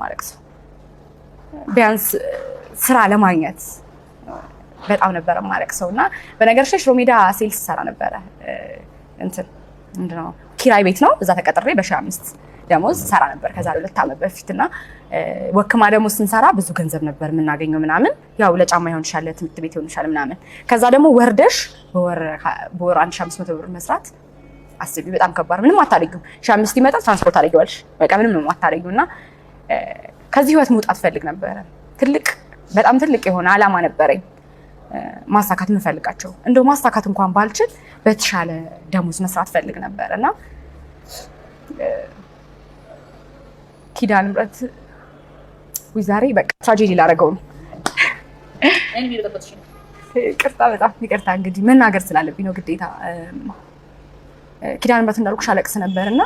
ማለት ነው። ቢያንስ ስራ ለማግኘት በጣም ነበረ ማለቅ ሰው እና በነገር ሸሽ ሮሜዳ ሴልስ ሰራ ነበረ። እንትን ምንድን ነው ኪራይ ቤት ነው። እዛ ተቀጥሬ በሺህ አምስት ደሞዝ ሰራ ነበር ከዛ ሁለት ዓመት በፊት እና ወክማ ደግሞ ስንሰራ ብዙ ገንዘብ ነበር የምናገኘው ምናምን። ያው ለጫማ ይሆንሻል፣ ለትምህርት ቤት ይሆንሻል ምናምን። ከዛ ደግሞ ወርደሽ በወር አንድ ሺህ አምስት መቶ ብር መስራት አስቢ፣ በጣም ከባድ ምንም አታደርጊው። ሺህ አምስት ይመጣል ትራንስፖርት አደርጊዋለሽ፣ በቃ ምንም አታደርጊው እና ከዚህ ህይወት መውጣት ፈልግ ነበረ። ትልቅ በጣም ትልቅ የሆነ አላማ ነበረኝ ማሳካት የምፈልጋቸው እንደው ማሳካት እንኳን ባልችል በተሻለ ደሞዝ መስራት ፈልግ ነበር እና ኪዳነ ምህረት ዛሬ በቃ ትራጀዲ ላደረገው ነው። ቅርታ በጣም ይቅርታ። እንግዲህ መናገር ስላለብኝ ነው ግዴታ። ኪዳነ ምህረት እንዳልኩሽ አለቅስ ነበር እና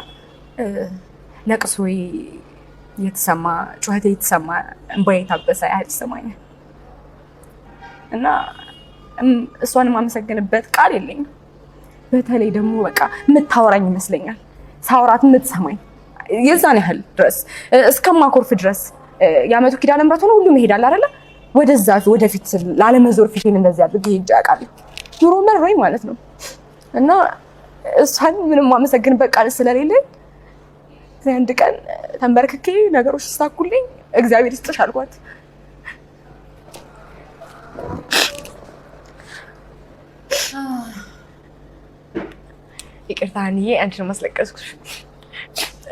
ለቅሶ የተሰማ ጩኸቴ የተሰማ እንባዬ የታበሰ ያህል ይሰማኛል እና እሷን የማመሰግንበት ቃል የለኝ። በተለይ ደግሞ በቃ የምታወራኝ ይመስለኛል ሳውራት የምትሰማኝ የዛን ያህል ድረስ እስከማኮርፍ ድረስ የአመቱ ኪዳነ ምህረት ሆኖ ሁሉም ይሄዳል አይደለ? ወደዛ ወደፊት ላለመዞር ፊቴን እንደዚህ አድርግ ሄጄ አውቃለሁ። ኑሮ መሮኝ ማለት ነው እና እሷን ምንም ማመሰግንበት ቃል ስለሌለኝ አንድ ቀን ተንበርክኬ ነገሮች ስታኩልኝ እግዚአብሔር ይስጥሽ አልኳት። ይቅርታ አንዬ አንቺን ማስለቀስኩሽ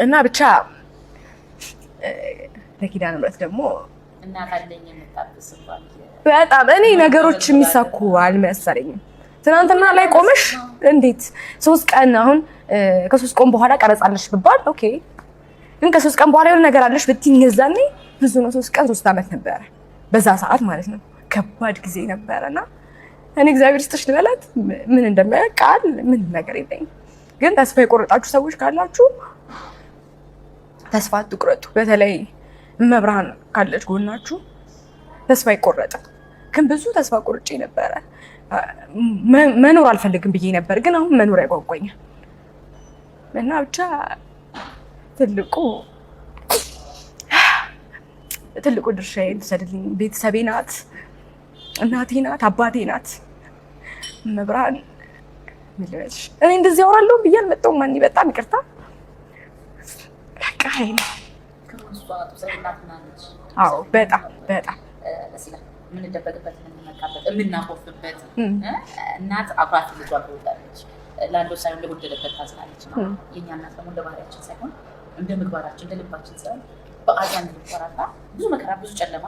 እና ብቻ ለኪዳነ ምሕረት ደግሞ በጣም እኔ ነገሮች የሚሳኩ አልመሰለኝም። ትናንትና ላይ ቆመሽ እንዴት ሶስት ቀን አሁን ከሶስት ቆም በኋላ ቀረጻለሽ ብባል ኦኬ ግን ከሶስት ቀን በኋላ የሆነ ነገር አለሽ ብትይኝ የዛኔ ብዙ ነው። ሶስት ቀን ሶስት ዓመት ነበረ በዛ ሰዓት ማለት ነው። ከባድ ጊዜ ነበረ እና እኔ እግዚአብሔር ስጥሽ ልበላት ምን ቃል ምን ነገር የለኝም። ግን ተስፋ የቆረጣችሁ ሰዎች ካላችሁ ተስፋ አትቁረጡ። በተለይ መብርሃን ካለች ጎናችሁ ተስፋ አይቆረጥም። ግን ብዙ ተስፋ ቆርጬ ነበረ። መኖር አልፈልግም ብዬ ነበር፣ ግን አሁን መኖር ያጓጓኛል እና ብቻ ትልቁ ትልቁ ድርሻዬን ትሰድልኝ ቤተሰቤ ናት፣ እናቴ ናት፣ አባቴ ናት። መብራን ምልበልሽ እኔ እንደዚህ አወራለሁ ብዬ አልመጣሁም። ማን በጣም ይቅርታ በቃ አዎ በጣም በጣም እናት አባት ልጇ ትወጣለች። ሳይሆን ለጎደለበት ታዝናለች። የእኛ እናት ደግሞ እንደ ሳይሆን እንደ ምግባራችን እንደ ልባችን ሳይሆን በአዛን ልንኮራና ብዙ መከራ ብዙ ጨለማ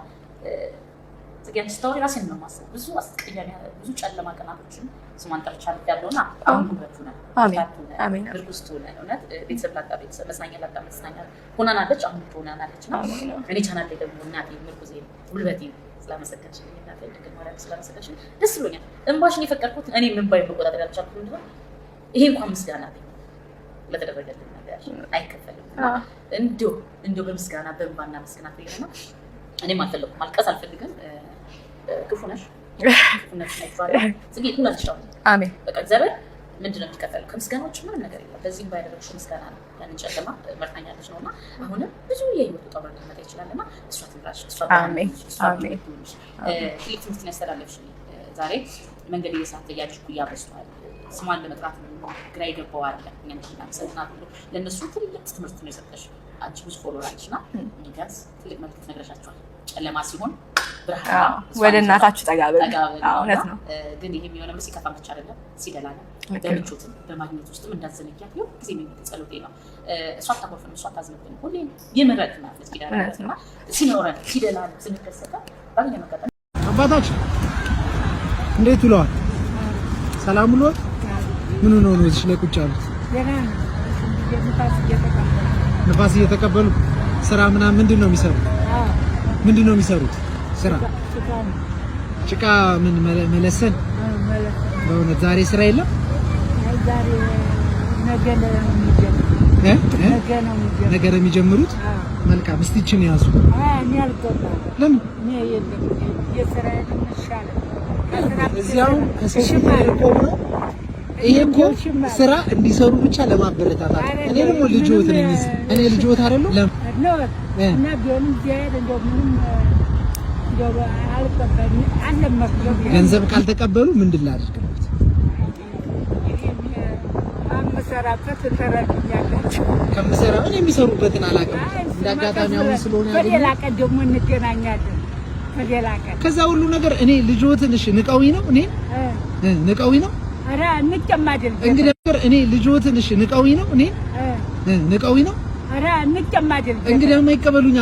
ጽጌን ስታወሪ ራሴን ነው የማስበው። ብዙ አስቀያሚ ብዙ ጨለማ ቀናቶችን ስሟን ጠርቻ ያለውና አሁን ጉልበቱ ነ ርጉስት ሆነ እውነት ቤተሰብ ላጣ ቤተሰብ መጽናኛ ላጣ መጽናኛ ሆናናለች። አሁን ሆናናለች ና እኔ ቻናል ላይ ደግሞ እናቴ ምርኩዜ ጉልበቴ ስላመሰከች ስላመሰከች ደስ ብሎኛል። እንባሽን የፈቀድኩት እኔ ምንባይ መቆጣጠር ያልቻልኩ ምንድነው ይሄ እንኳን ምስጋና ነኝ ለተደረገልን ነገር አይከፈልም። እንዲሁ እንዲሁ በምስጋና በእንባ እናመስግናት ብዬሽ ነው። እኔም አልፈለኩም፣ አልቀስ አልፈልግም። ክፉ ነሽ፣ ክፉ ነሽ ናይባለ ጽጌ አሜን። በቃ እግዚአብሔር ምንድን ነው የሚከፈለው? ከምስጋና ምንም ነገር የለም። በዚህም ባያደረግሽው ምስጋና ነው። ያንን ጨለማ መርታኛለች ነው እና አሁንም ብዙ የህይወት ውጣ ውረድ ሊመጣ ይችላል እና እሷ ትምራሽ። ትልቅ ትምህርት ያስተላለፍሽ ዛሬ መንገድ እየሳተ እያልሽ ጉያ በስተዋል ስሟን ለመጥራት ግራ የገባው አለ ሰልና ብሎ ለእነሱ ትልቅ ትምህርት ነው የሰጠሽ። አንቺ ብዙ ፎሎራች ና ሚዲያስ ትልቅ መልክት ነግረሻቸዋል። ጨለማ ሲሆን ብርሃን ወደ እናታችሁ ጠጋ እውነት ነው። ግን ይሄ የሚሆነ ምስ ከፋ ብቻ አይደለም፣ ሲደላ ነው። በምቾትም በማግኘት ውስጥም እንዳዘነጊያት ሁ ጊዜ ጸሎቴ ነው። እሷ አታኮርፍም፣ እሷ አታዝንብን። ሁሌ የምረት ናት ኪዳና ሲኖረን ሲደላ ስንከሰተ ባገኘ መጋጠም አባታችን እንዴት ውለዋል? ሰላም ውለዋል? ምን ሆኖ ነው እዚህ ላይ ቁጭ ያሉት? ንፋስ እየተቀበሉ ስራ ምናምን ምንድን ነው የሚሰሩት? ምንድን ነው የሚሰሩት ስራ? ጭቃ ምን መለሰን? በእውነት ዛሬ ስራ የለም። ነገ ነው የሚጀምሩት። መልካም እስቲ ይችን ያዙ። ለምን እዚያው ይሄ እኮ ስራ እንዲሰሩ ብቻ ለማበረታታት። እኔ ደግሞ ልጅዎት ነኝ። እኔ ልጅዎት አይደለሁ ለም ቢሆንም ገንዘብ ካልተቀበሉ ምንድን ላድርግ? ከምሰራ እኔ የሚሰሩበትን አላውቅም። እንደ አሁን ስለሆነ በሌላ ቀን ደግሞ እንገናኛለን። በሌላ ከዛ ሁሉ ነገር እኔ ልጅዎትን ንቀዊ ነው እኔ ንቀዊ ነው ኧረ እንቀማ አይደለም እንግዲህ እኔ ልጆትን እሺ ንቀዊ ነው እኔ ንቀዊ ነው ኧረ እንቀማ አይደለም እንግዲህ የማይቀበሉኝ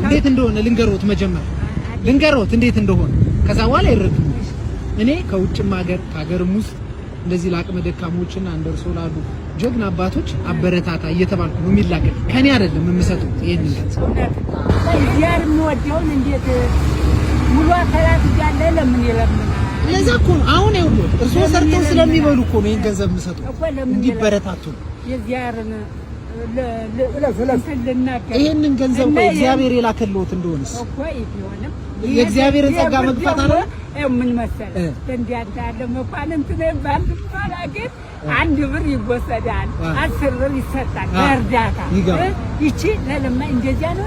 እንዴት እንደሆነ ልንገሮት መጀመር ልንገሮት እንዴት እንደሆነ ከዛ በኋላ አይረዱም እኔ ከውጭም ሀገር ከሀገርም ውስጥ እንደዚህ ለአቅመ ደካሞችና እንደርሶ ላሉ ጀግና አባቶች አበረታታ እየተባልኩ ነው የሚላከል ከኔ አይደለም የምሰጡት ይሄን ልጅ እዚያር የምወደውን እንዴት ሙሉ አካላት እያለ ለምን ይለምናል ለዛ እኮ ነው አሁን ይኸው እርስዎ ሰርተው ስለሚበሉ እኮ ነው ይሄን ገንዘብ የምሰጠው እንዲበረታቱ ይሄንን ገንዘብ ቆይ እግዚአብሔር የላከልዎት እንደሆነስ የእግዚአብሔርን ጸጋ መግፋት አለ። ምን መሰለህ እንደ ያለ መኳንንት በአንድ እንኳን አገር አንድ ብር ይወሰዳል፣ አስር ብር ይሰጣል በእርዳታ ይቺ ለለማ እንደዚያ ነው።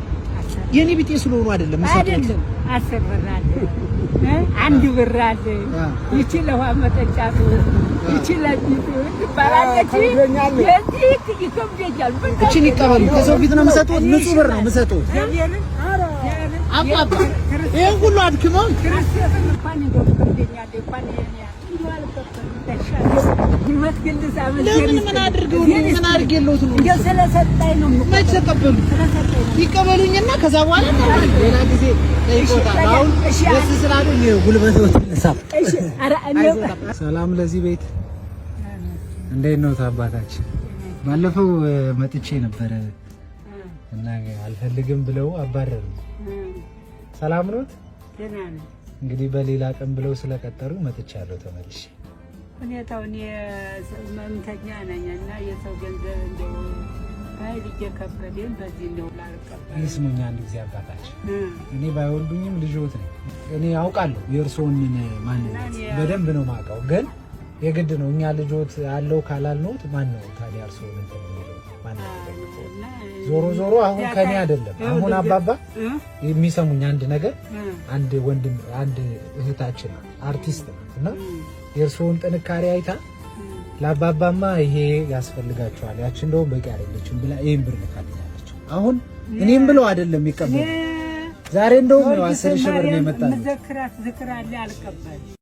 የኔ ቢጤ ስለሆኑ አይደለም አይደለም። አስር ብር አለ፣ አንድ ብር አለ። ይቺ ለውሃ መጠጫቱ ይቺ ለዚህ ይባላለች። የዚህ ከሰው ፊት ነው የምሰጡት፣ ንጹህ ብር ነው የምሰጡት። ይሄን ሁሉ አድክመው እንኳን እንደው ይከብደኛል እንኳን ለምን ምን አድርገው ምን ነው ነው። መች ተቀበሉ ይቀበሉኝና ከዛ በኋላ ሌላ ጊዜ አሁን ሰላም ለዚህ ቤት እንዴት ነው አባታችን? ባለፈው መጥቼ ነበረ እና አልፈልግም ብለው አባረሩ። ሰላም እንግዲህ በሌላ ቀን ብለው ስለቀጠሩ መጥቻለሁ ተመልሼ ሁኔታውን የመምተኛ ነኝ እና የሰው ገንዘብ እንደው ሀይል አንድ ጊዜ አባታች እኔ ባይወልዱኝም ልጆት ነው። እኔ አውቃለሁ የእርስዎን ማንነት በደንብ ነው የማውቀው፣ ግን የግድ ነው እኛ ልጆት አለው ካላልኖት ማን ነው ታዲያ እርስዎን እንትን ዞሮ ዞሮ አሁን ከኔ አይደለም። አሁን አባባ የሚሰሙኝ አንድ ነገር አንድ ወንድም አንድ እህታችን አርቲስት ናት እና የእርስዎን ጥንካሬ አይታ ለአባባማ ይሄ ያስፈልጋቸዋል ያቺ እንደውም በቂ አይደለችም ብላ ይህን ብር ልካልኛለች። አሁን እኔም ብለው አይደለም ይቀበሉ ዛሬ እንደውም ነው አስር ሺህ ብር ነው የመጣው።